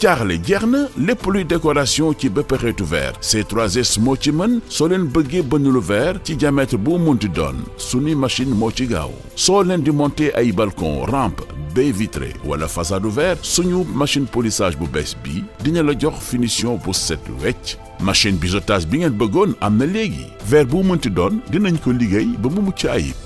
jaaxle jeex na lépp luy décoration ci bépp xeetu verre C3S moo ci mën soo leen bëggee ba lu verre ci diamètre bu munti doon suñu machine moo ci gaaw soo leen di monter ay balcon ramp baie vitrée wala façade ouverte suñu machine polissage bu bees bi dina la jox finition bu set wecc machine biseautage bi ngeen bëggoon am na léegi ver bu munti doon dinañ ko liggéey ba mu mucc ayib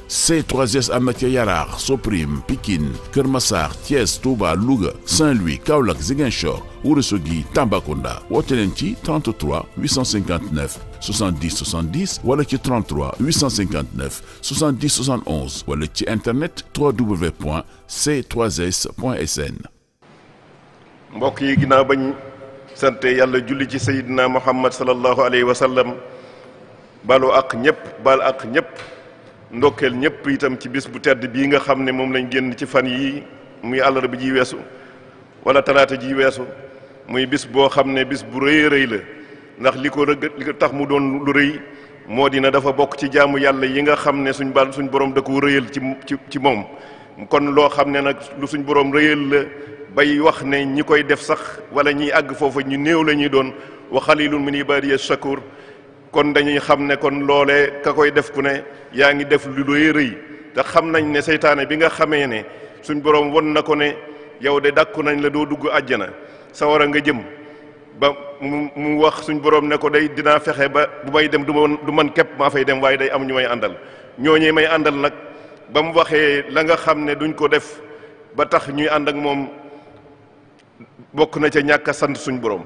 C3S am na ca Yaraax Soprim Pikine Kër Massar Thiès Touba Louga Saint-Louis Kaolack Ziguinchor Ourossogui Tambacounda woote leen ci 33 859 70 70 wala ci 33 859 70 71 wala ci internet www.c3s.sn. mbokk yi ginnaaw bañ sante yàlla julli ci Seydina Muhammad sallallahu alayhi wa sallam balu ak ñëpp bal ak ñëpp. ndokkeel ñëpp itam ci bis bu tedd bii nga xam ne moom lañ génn ci fan yii muy àllarba ji weesu wala talaata ji weesu muy bis boo xam ne bis bu rëyee rëy la ndax li ko rëgg li ko tax mu doon lu rëy moo dina dafa bokk ci jaamu yàlla yi nga xam ne suñ bal suñ borom da ko rëyal ci ci ci moom kon loo xam ne nag lu suñ borom rëyal la bay wax ne ñi koy def sax wala ñiy àgg foofa ñu néew la ñuy doon wa xalilun min ibadiya shakur kon dañuy xam ne kon loole ka koy def ku ne yaa ngi def lu doy rëy te xam nañ ne seytaane bi nga xamee ne suñ borom won na ko ne yow de dàkku nañ la doo dugg àjjana sawara nga jëm ba mu mu wax suñ borom ne ko day dinaa fexe ba bu may dem du ma du man képp maa fay dem waaye day am ñu may àndal ñooñee may àndal nag ba mu waxee la nga xam ne duñ ko def ba tax ñuy ànd ak moom bokk na ca ñàkk sant suñ borom.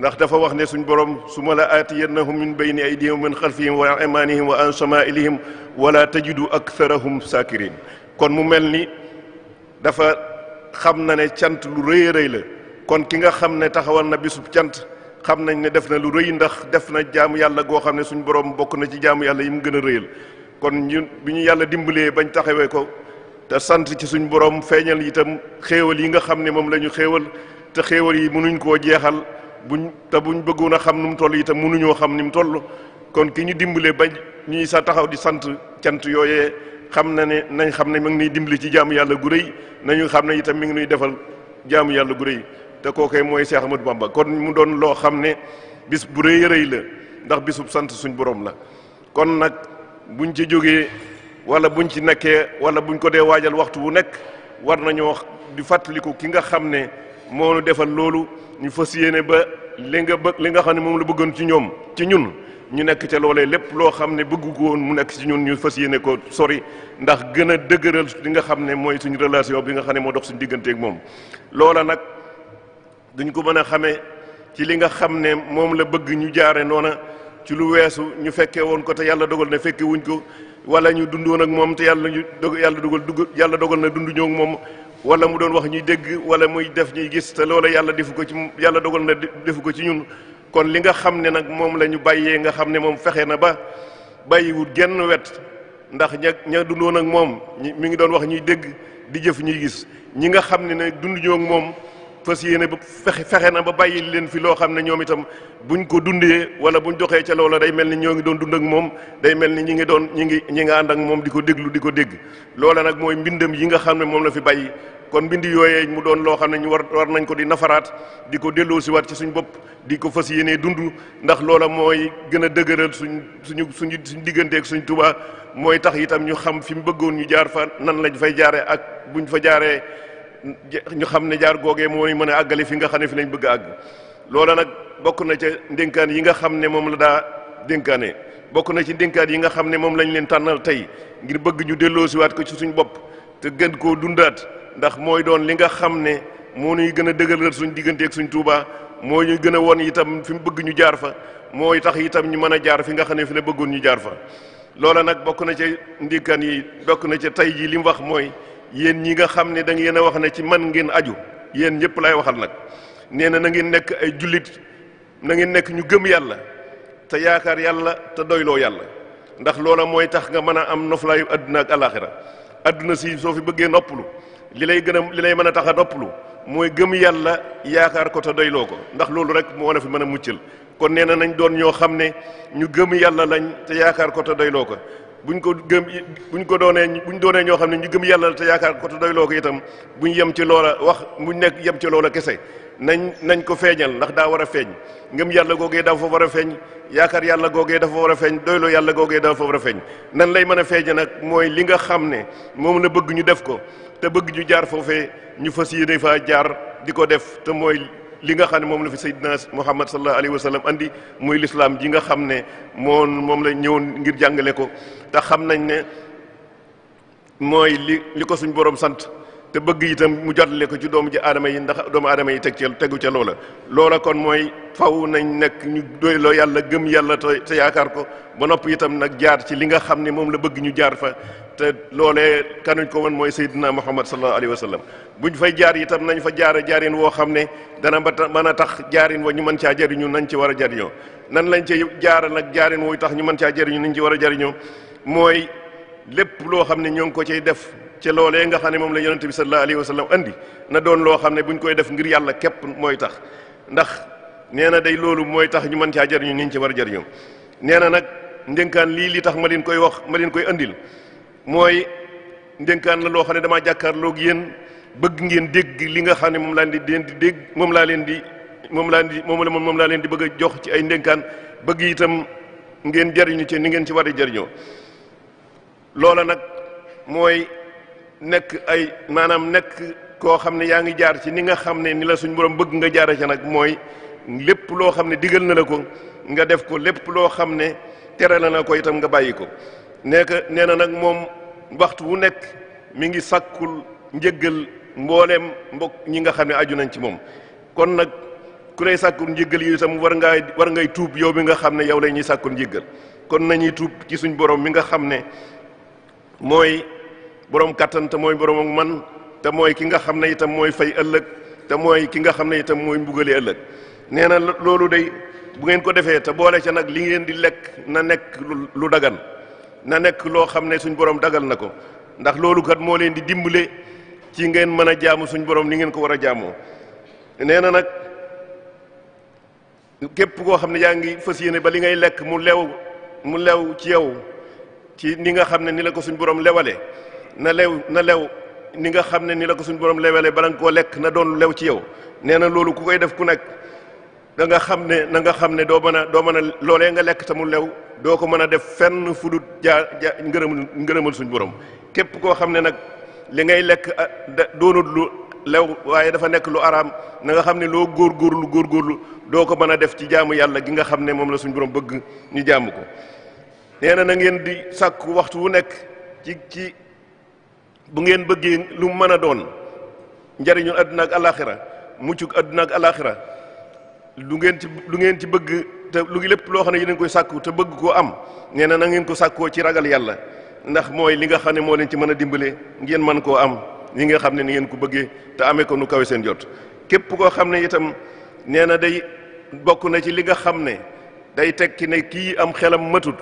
ndax dafa wax ne suñu borom su ma la aatiyannahum min bayni aydihim min xalfihim wa an aymanihim wa an shama'ilihim wala ak aktharahum sakirin kon mu mel ni dafa xam na ne cant lu rëy rëy la kon ki nga xam ne taxawal na bisub cant xam nañ ne def na lu rëy ndax def na jaamu yàlla goo xam ne suñu borom bokk na ci jaamu yàlla yi mu gën a rëyal kon ñun bi ñu yàlla dimbalee bañ taxawee ko te sant ci suñu borom feeñal itam xéewal yi nga xam ne moom la ñu xéewal te xéewal yi mënuñ koo jeexal bu buñ te buñ bëggoon a xam nu mu toll itam mënuñoo xam ni mu toll kon ki ñu dimbale ba ñuy sa taxaw di sant sant yooyee xam na ne nañ xam ne mi ngi nuy dimbali ci jaamu yàlla gu rëy nañu xam ne itam mi ngi nuy defal jaamu yàlla gu rëy te kookee mooy Cheikh Ahmadou Bamba kon mu doon loo xam ne bis bu rëy yi la ndax bisub sant suñ borom la kon nag buñ ci jógee wala buñ ci nekkee wala buñ ko dee waajal waxtu wu nekk war nañoo di fàttaliku ki nga xam ne moo nu defal loolu ñu fës yéene ba li nga bëgg li nga xam ne moom la bëggoon ci ñoom ci ñun ñu nekk ca loolee lépp loo xam ne bëggu ko woon mu nekk ci ñun ñu fës yéene ko sori ndax gën a dëgëral li nga xam ne mooy suñu relation bi nga xam ne moo dox suñu digganteeg moom. loola nag duñ ko mën a xamee ci li nga xam ne moom la bëgg ñu jaare noona ci lu weesu ñu fekkee woon ko te yàlla dogal na fekke wuñ ko wala ñu dundoon ak moom te yàlla ñu dog yàlla dogal dugg yàlla dogal na dundu moom wala mu doon wax ñuy dégg wala muy def ñuy gis te loola yàlla defu ko ci yàlla dogal na defu ko ci ñun kon li nga xam ne nag moom la ñu bàyyee nga xam ne moom fexe na ba bàyyiwul genn wet ndax ña ña dundoon ak moom mi ngi doon wax ñuy dégg di jëf ñuy gis ñi nga xam ne ne dunduñoo ak moom fas yéene ba fexe fexe na ba bàyyi leen fi loo xam ne ñoom itam buñ ko dundee wala ñu doxee ca loola day mel ni ñoo ngi doon dund ak moom day mel ni ñi ngi doon ñi ngi ñi nga ànd ak moom di ko déglu di ko dégg loola nag mooy mbindam yi nga xam ne moom la fi bàyyi kon mbind yooyee mu doon loo xam ne ñu war war nañ ko di nafaraat di ko delloosiwaat ci suñu bopp di ko fës yéenee dund ndax loola mooy gën a dëgëral suñ suñu suñu suñ digganteeg suñ Tuubaa mooy tax itam ñu xam fi mu bëggoon ñu jaar fa nan lañ fay jaaree ak buñ fa jaaree ñu xam ne jaar googee mooy mën a àggale fi nga xam ne fi lañ bëgg a àgg loola nag bokk na ca ndénkaan yi nga xam ne moom la daa dénkaane bokk na ci ndénkaan yi nga xam ne moom lañ leen tànnal tey ngir bëgg ñu ko ci suñ bopp te gën koo dundaat ndax mooy doon li nga xam ne moo ñuy gën a dëgëral suñ diggante ak suñ Tuubaa moo ñuy gën a won itam fi mu bëgg ñu jaar fa mooy tax itam ñu mën a jaar fi nga xam ne fi la bëggoon ñu jaar fa loola nag bokk na ca ndénkaan yi bokk na ca tey ji li mu wax mooy yéen ñi nga xam ne da ngeen a wax ne ci man ngeen aju yéen ñëpp lay waxal nag nee na na ngeen nekk ay jullit na ngeen nekk ñu gëm yàlla te yaakaar yàlla te doyloo yàlla ndax loola mooy tax nga mën a am noflaayu àdduna ak alaaxira àdduna si soo fi bëggee noppalu li lay gën a li lay mën a tax a noppalu mooy gëm yàlla yaakaar ko te doyloo ko ndax loolu rek moo la fi mën a muccal kon nee na nañ doon ñoo xam ne ñu gëm yàlla lañ te yaakaar ko te doyloo ko bu buñ ko gëm buñ ko doonee buñ doonee ñoo xam ne ñu gëm yàlla te yaakaar ko te doyloo ko itam buñ yem ci loola wax buñ nekk yem ci loola kese nañ nañ ko feeñal ndax daa war a feeñ ngëm yàlla googee dafa war a feeñ yaakaar yàlla googee dafa war a feeñ doyloo yàlla googee dafa war a feeñ nan lay mën a feeñe nag mooy li nga xam ne moo moom la bëgg ñu def ko te bëgg ñu jaar foofee ñu fas yéene fa jaar di ko def te mooy li nga xam ne moom la fi sayyidina muhammad sallallahu alayhi wa andi muy lislaam ji nga xam ne moom moom la ñëwoon ngir jàngale ko te xam nañ ne mooy li li ko suñu borom sant te bëgg itam mu jotale ko ci doomu ji aadama yi ndax doomu aadama yi teg ca tegu ca loola loola kon mooy faw nañ nekk ñu doyloo yàlla gëm yàlla te te yaakaar ko ba noppi itam nag jaar ci li nga xam ne moom la bëgg ñu jaar fa te loolee kanuñ ko woon mooy Seydina Muhammad sallallahu alayhi wa sallam buñ fay jaar itam nañ fa jaare jaarin woo xam ne dana ba mën a tax jaarin wa ñu mën caa jariñu nañ ci war a jariñoo nan lañ ci jaara nag jaarin wooy tax ñu mën caa jariñu nañ ci war a jariñoo mooy lépp loo xam ne ñoo ngi ko ciy def ci loolee nga xam ne moom la yonente bi sallallahu alayhi wa sallam andi na doon loo xam ne buñ koy def ngir yàlla képp mooy tax ndax nee na day loolu mooy tax ñu mën caa jariñu niñ ci war a jariñoo nee na nag ndénkaan lii li tax ma liin koy wax ma leen koy andil mooy ndénkaan la loo xam ne damaa jàkkaarloog yéen bëgg ngeen dégg li nga xam ne moom laa di leen di dégg moom laa leen di moom laa di moom la moom laa leen di bëgg a jox ci ay ndénkaan bëgg itam ngeen jariñu ci ni ngeen ci war a jariñoo loola nag mooy nekk ay maanaam nekk koo xam ne yaa ngi jaar ci ni nga xam ne ni la suñ borom bëgg nga jaara ca nag mooy lépp loo xam ne digal na la ko nga def ko lépp loo xam ne tere la na ko itam nga bàyyi ko nekk nee na nag moom waxtu wu nekk mi ngi sàkkul njëggal mbooleem mbokk ñi nga xam ne aju nañ ci moom kon nag ku lay sàkkul njëggal yi itam war ngaa war ngay tuub yow bi nga xam ne yow la ñuy sàkkul njëggal kon nañuy tuub ci suñ borom mi nga xam ne mooy borom kattan te mooy borom man te mooy ki nga xam ne itam mooy fay ëllëg te mooy ki nga xam ne itam mooy mbugalee ëllëg nee na loolu day bu ngeen ko defee te boole ca nag li ngeen di lekk na nekk lu dagan na nekk loo xam ne suñ borom dagal na ko ndax loolu kat moo leen di dimbale ci ngeen mën a jaamu suñ borom ni ngeen ko war a jaamoo nee na nag képp koo xam ne yaa ngi fas yéene ba li ngay lekk mu lew mu lew ci yow ci ni nga xam ne ni la ko suñ borom lewale na lew na lew ni nga xam ne ni la ko suñ borom lewale bala nga koo lekk na doon lew ci yow nee na loolu ku koy def ku nekk da nga xam ne na nga xam ne doo mën a doo mën a loolee nga lekk te lew doo ko mën a def fenn fu dul jaa jaa ngërëmul ngërëmul suñ borom képp koo xam ne nag li ngay lekk ah, doonut lu lew waaye dafa nekk lu araam na nga xam ne loo góor góorgóorlu góorgóorlu doo ko mën a def ci jaamu yàlla gi nga xam ne moom la suñ borom bëgg ñu jaamu ko nee na ngeen di sàkku waxtu wu nekk ci ci bu ngeen bëggee lu mën a doon njariñul àdduna ak alaxira muccuk àdduna ak alaxira lu ngeen ci lu ngeen ci bëgg te lu ngi lépp loo xam ne yéen a ngi koy sàkku te bëgg koo am nee na na ngeen ko sàkkoo ci ragal yàlla ndax mooy li nga xam ne moo leen ci mën a dimbale ngeen mën koo am ñi nga xam ne ni ngeen ko bëggee te amee ko nu kawe seen jot képp koo xam ne itam nee na day bokk na ci li nga xam ne day tekki ne kii am xelam matut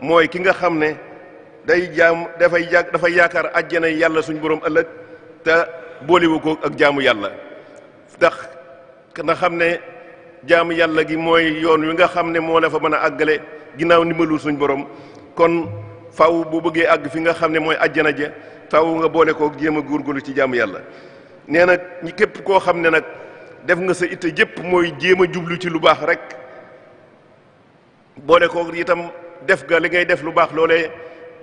mooy ki nga xam ne day jaam dafay ja dafay yaakaar àjjana yàlla suñ borom ëllëg te boolewu ko ak jaamu yàlla ndax na xam ne jaamu yàlla gi mooy yoon wi nga xam ne moo la fa mën a àggale ginnaaw ndimbalul suñ borom kon faw boo bëggee àgg fi nga xam ne mooy ajjana ja faw nga boole koo jéem a góorgóorlu ci jaamu yàlla nee na ñi képp koo xam ne nag def nga sa itte jëpp mooy jéem a jublu ci lu baax rek boole koo itam def nga li ngay def lu baax loole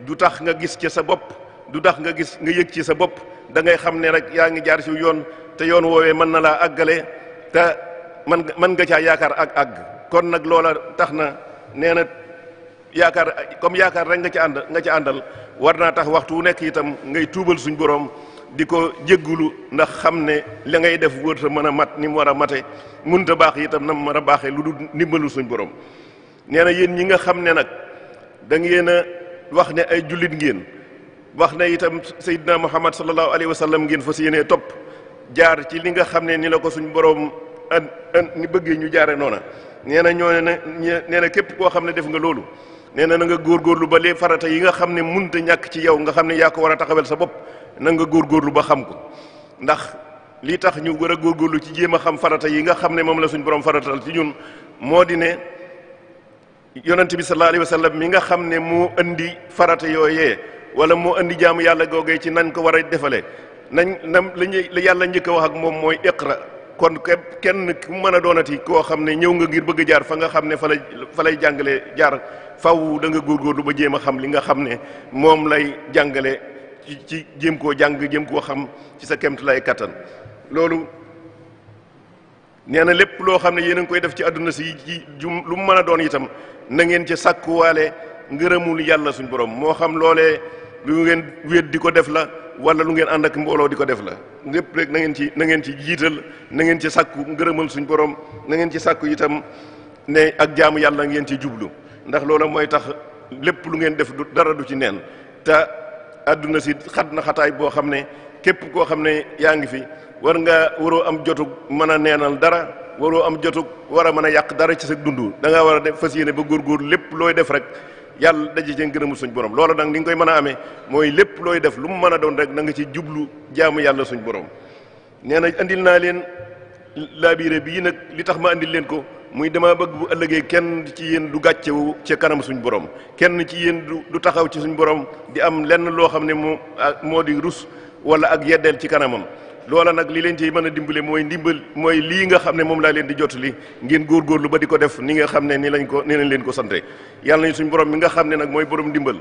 du tax nga gis ci sa bopp du tax nga gis nga yëg ci sa bopp da ngay xam ne rek yaa ngi jaar ci yoon te yoon woowee mën na laa àggale te man man nga caa yaakaar ak àgg kon nag loola tax na nee na yaakaar comme yaakaar rek nga ci ànd nga ci àndal war naa tax waxtu wu nekk itam ngay tuubal suñ boroom di ko jéggulu ndax xam ne li ngay def sa mën a mat ni mu war a mate mënut a baax itam na mu mën a baaxee lu dul ndimbalu suñ borom nee na yéen ñi nga xam ne nag da ngeen a wax ne ay jullit ngeen wax ne itam Seydina Muhammad sallallahu alayhi wa sallam ngeen fas yéenee topp jaar ci li nga xam ne ni la ko suñ borom. an an ni bëggee ñu jaare noona nee na ñoo ne nee képp koo xam ne def nga loolu nee na na nga góorgóorlu ba lee farata yi nga xam ne munta ñàkk ci yow nga xam ne yaa ko war a taxawel sa bopp nanga góor góorlu ba xam ko ndax lii tax ñu war a góorgóorlu ci jéem a xam farata yi nga xam ne moom la suñ borom faratal ci ñun moo di ne yonent bi sallallahu mi nga xam ne moo andi farata yooyee wala moo andi jaamu yàlla googee ci nañ ko war a defalee nañ nam la ñuy la yàlla njëkk wax ak moom mooy iqra kon képp kenn ku mën a doonati koo xam ne ñëw nga ngir bëgg jaar fa nga xam ne fa lay fa jàngale jaar faw da nga góorgóorlu ba jéem a xam li nga xam ne moom lay jàngale ci ci jéem koo jàng jéem koo xam ci sa kemt lay kattan loolu nee na lépp loo xam ne yéen a ngi koy def ci àdduna si ci lu mu mën a doon itam na ngeen ca sàkkuwaale ngërëmul yàlla suñu borom moo xam loole lu ngeen wéet di ko def la wala lu ngeen ànd ak mbooloo di ko def la lépp rek na ngeen ci nangeen ngeen ci jiital nangeen ngeen ci sàkku ngërëmal suñ borom na ngeen ci sàkku itam ne ak jaamu yàlla ngeen ci jublu ndax loola mooy tax lépp lu ngeen def du dara du ci neen te àdduna si xat na xataay boo xam ne képp koo xam ne yaa ngi fi war nga waroo am jotug mën a neenal dara waroo am jotug war a mën a yàq dara ci sa dund da ngaa war a def fas yéene ba góorgóor lépp looy def rek yàlla daje ci ngërëmu suñ borom loolu nag ni nga koy mën a amee mooy lépp looy def lu mu mën a doon rek na nga ci jublu jaamu yàlla suñ borom nee na andil naa leen laabire bii nag li tax ma andil leen ko muy dama bëgg bu ëllëgee kenn ci yéen du gàccewu ci kanam suñ borom kenn ci yéen du taxaw ci suñ borom di am lenn loo xam ne moo moo di rus wala ak yeddeel ci kanamam loola nag li leen ciy mën a dimbale mooy ndimbal mooy lii nga xam ne moom laa leen di jotali ngeen góorgóorlu ba di ko def ni nga xam ne ni lañ ko ni lañ leen ko sante yàlla nañ suñu borom mi nga xam ne nag mooy borom ndimbal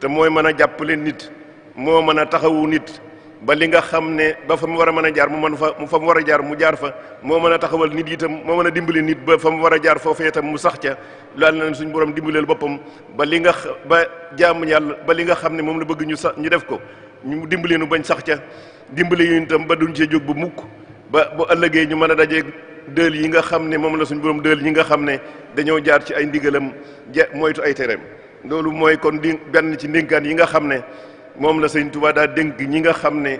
te mooy mën a jàppale nit moo mën a taxawu nit ba li nga xam ne ba mu war a mën a jaar mu mën fa mu fa war a jaar mu jaar fa moo mën a taxawal nit itam moo mën a dimbale nit ba fa mu war a jaar mu sax ca laal na suñu borom dimbaleel boppam ba li nga ba jàmm yàlla ba li nga xam ne moom la bëgg ñu sax ñu def ko ñu dimbale nu bañ sax ca dimbali yu itam ba duñ cee jóg bu mukk ba bu ëllëgee ñu mën a dajeeg dël yi nga xam ne moom la suñu borom dël ñi nga xam ne dañoo jaar ci ay ndigalam ja moytu ay tereem loolu mooy kon di benn ci ndénkaan yi nga xam ne moom la sëñ Tuubaa daa dénk ñi nga xam ne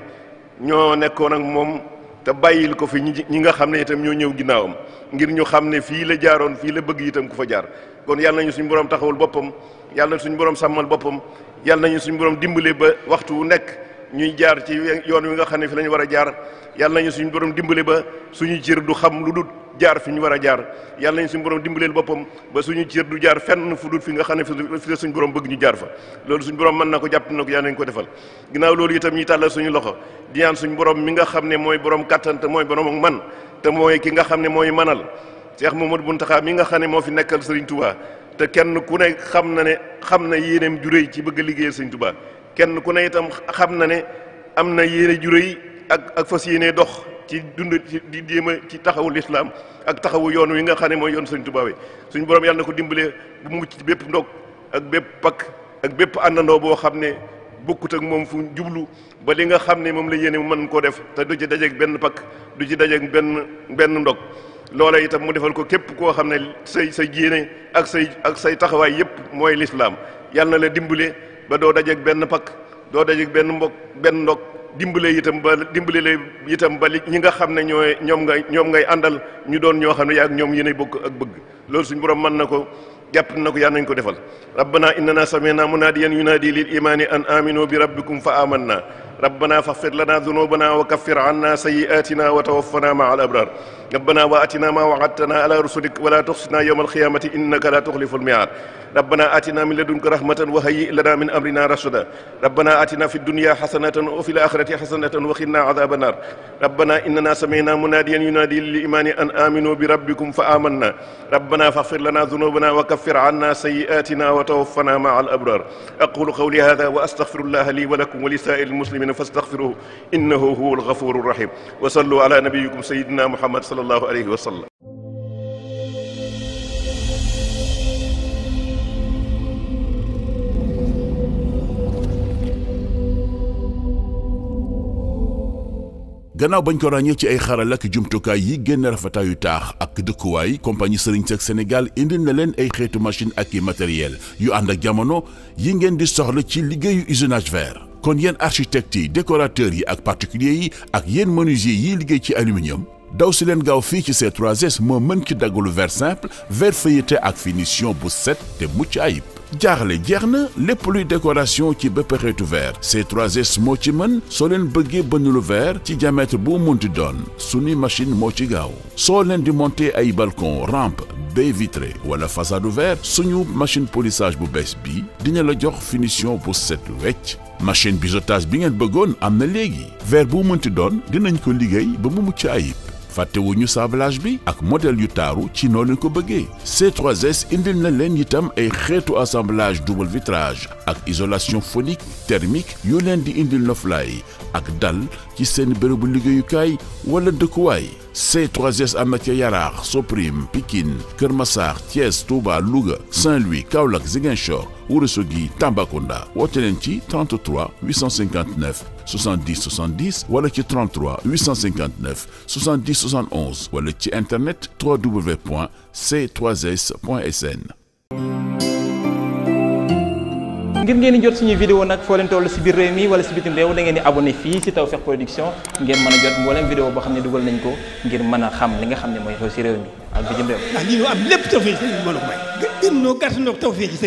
ñoo nekkoon ak moom te bàyyil ko fi ñi nga xam ne itam ñoo ñëw ginnaawam ngir ñu xam ne fii la jaaroon fii la bëgg itam ku fa jaar kon yàlla nañu suñu borom taxawul boppam yàlla suñu borom sàmmal boppam yàlla nañu suñu borom dimbale ba waxtu wu nekk ñuy jaar ci yoon wi nga xam ne fi la war a jaar yàlla ñu suñu borom dimbale ba suñu cër du xam lu dul jaar fi ñu war a jaar yàlla nañu suñ borom dimbaleel boppam ba suñu cër du jaar fenn fu dul fi nga xam ne fi la suñu borom bëgg ñu jaar fa loolu suñu borom mën na ko jàpp na ko ko defal ginnaaw loolu itam ñuy tàllal suñu loxo di ñaan borom mi nga xam ne mooy borom kattan te mooy borom ak man te mooy ki nga xam ne mooy manal Cheikh Mamadou Buntaxa mi nga xam ne moo fi nekkal Serigne Touba te kenn ku ne xam na ne xam na yéeneem ju réy ci bëgg a liggéeyal Serigne Touba kenn ku ne itam xam na ne am na yéene ju rëy ak ak fas yéene dox ci dund ci di jéem a ci taxawu lislaam ak taxawu yoon wi nga xam ne mooy yoon Sëriñ Tuubaa wi suñu borom yàlla ko dimbalee mucc ci bépp ndog ak bépp ak bépp àndandoo boo xam ne bokkut ak moom fu jublu ba li nga xam ne moom la yéene mu mën koo def te du ci dajeeg benn pakk du ci dajeeg benn benn ndog loola itam mu defal ko képp koo xam ne say sa yéene ak sa ak say taxawaay yëpp mooy lislaam yàlla na la dimbale ba doo dajeek benn pakk doo dajeeg benn mbokk benn ndog dimbale itam ba dimbale la itam ba li ñi nga xam ne ñooy ñoom ngay ñoom ngay àndal ñu doon ñoo xam ne yaa ak ñoom yéenay bokk ak bëgg loolu suñu borom mën na ko jàpp na ko yaa nañ ko defal rabbana innana sami'na munadiyan yunadi lil imani an aminu bi rabbikum fa amanna rabbana faghfir lana dhunubana wa kaffir anna sayyi'atina wa tawaffana ma'al abrar ربنا واتنا ما وعدتنا على رسلك ولا تخزنا يوم القيامه انك لا تخلف الميعاد ربنا آتنا من لدنك رحمة وهيئ لنا من أمرنا رشدا ربنا آتنا في الدنيا حسنة وفي الآخرة حسنة وقنا عذاب النار ربنا إننا سمعنا مناديا ينادي للإيمان أن آمنوا بربكم فآمنا ربنا فاغفر لنا ذنوبنا وكفر عنا سيئاتنا وتوفنا مع الأبرار أقول قولي هذا وأستغفر الله لي ولكم ولسائر المسلمين فاستغفروه إنه هو الغفور الرحيم وصلوا على نبيكم سيدنا محمد صلى الله sallallahu alayhi wa sallam gannaaw bañ ko ràññee ci ay xaral ak jumtukaay yi génn rafetaayu taax ak dëkkuwaay compagnie Serigne Seck Sénégal indil na leen ay xeetu machine ak i matériel yu ànd ak jamono yi ngeen di soxla ci liggéeyu usinage verre kon yenn architecte yi décorateur yi ak particulier yi ak yenn menuisier yiy liggéey ci aluminium daw si leen gaaw fii ci ces 3S moo mën ci daggalu verre simple ver feuilleté ak finition bu set te mucc ayib jaaxle jeex na lépp luy décoration ci bépp xeetu ver ces 3S moo ci mën soo leen bëggee bënn lu ver ci diamètre bu munti doon suñu machine moo ci gaaw soo leen di monter ay balcon rampe baie vitrée wala façade verre suñu machine polissage bu bees bi dina la jox finition bu set wecc machine biseautage bi ngeen bëggoon am na léegi verre bu munti doon dinañ ko liggéey ba mu mucc ayib ñu sablage bi ak modèle yu taaru ci noo leen ko bëggee c 3 indil na leen itam ay xeetu assemblage double vitrage ak isolation phonique thermique yu leen di indil noflaay ak dal ci seen bërëbu liggéeyukaay wala dëkkuwaay C3S am na ca Yaraax Soprim Pikine Kër Massar Thiès Touba Louga Saint-Louis Kaolack Ziguinchor Ourossogui Tambacounda woote leen ci 33 859 70 70 wala ci 33 859 70 71 wala ci internet www.c3s.sn. ngir ngeen di jot suñu vidéo nag foo leen toll si biir réew mi wala si bitim réew da ngeen di abonné fii si Tawfekh Production ngeen mën a jot mboolem vidéo boo xam ne dugal nañ ko ngir mën a xam li nga xam ne mooy xew si réew mi ak bitim réew. ndax ah, lii am lépp Tawfekh sëriñ bi mën a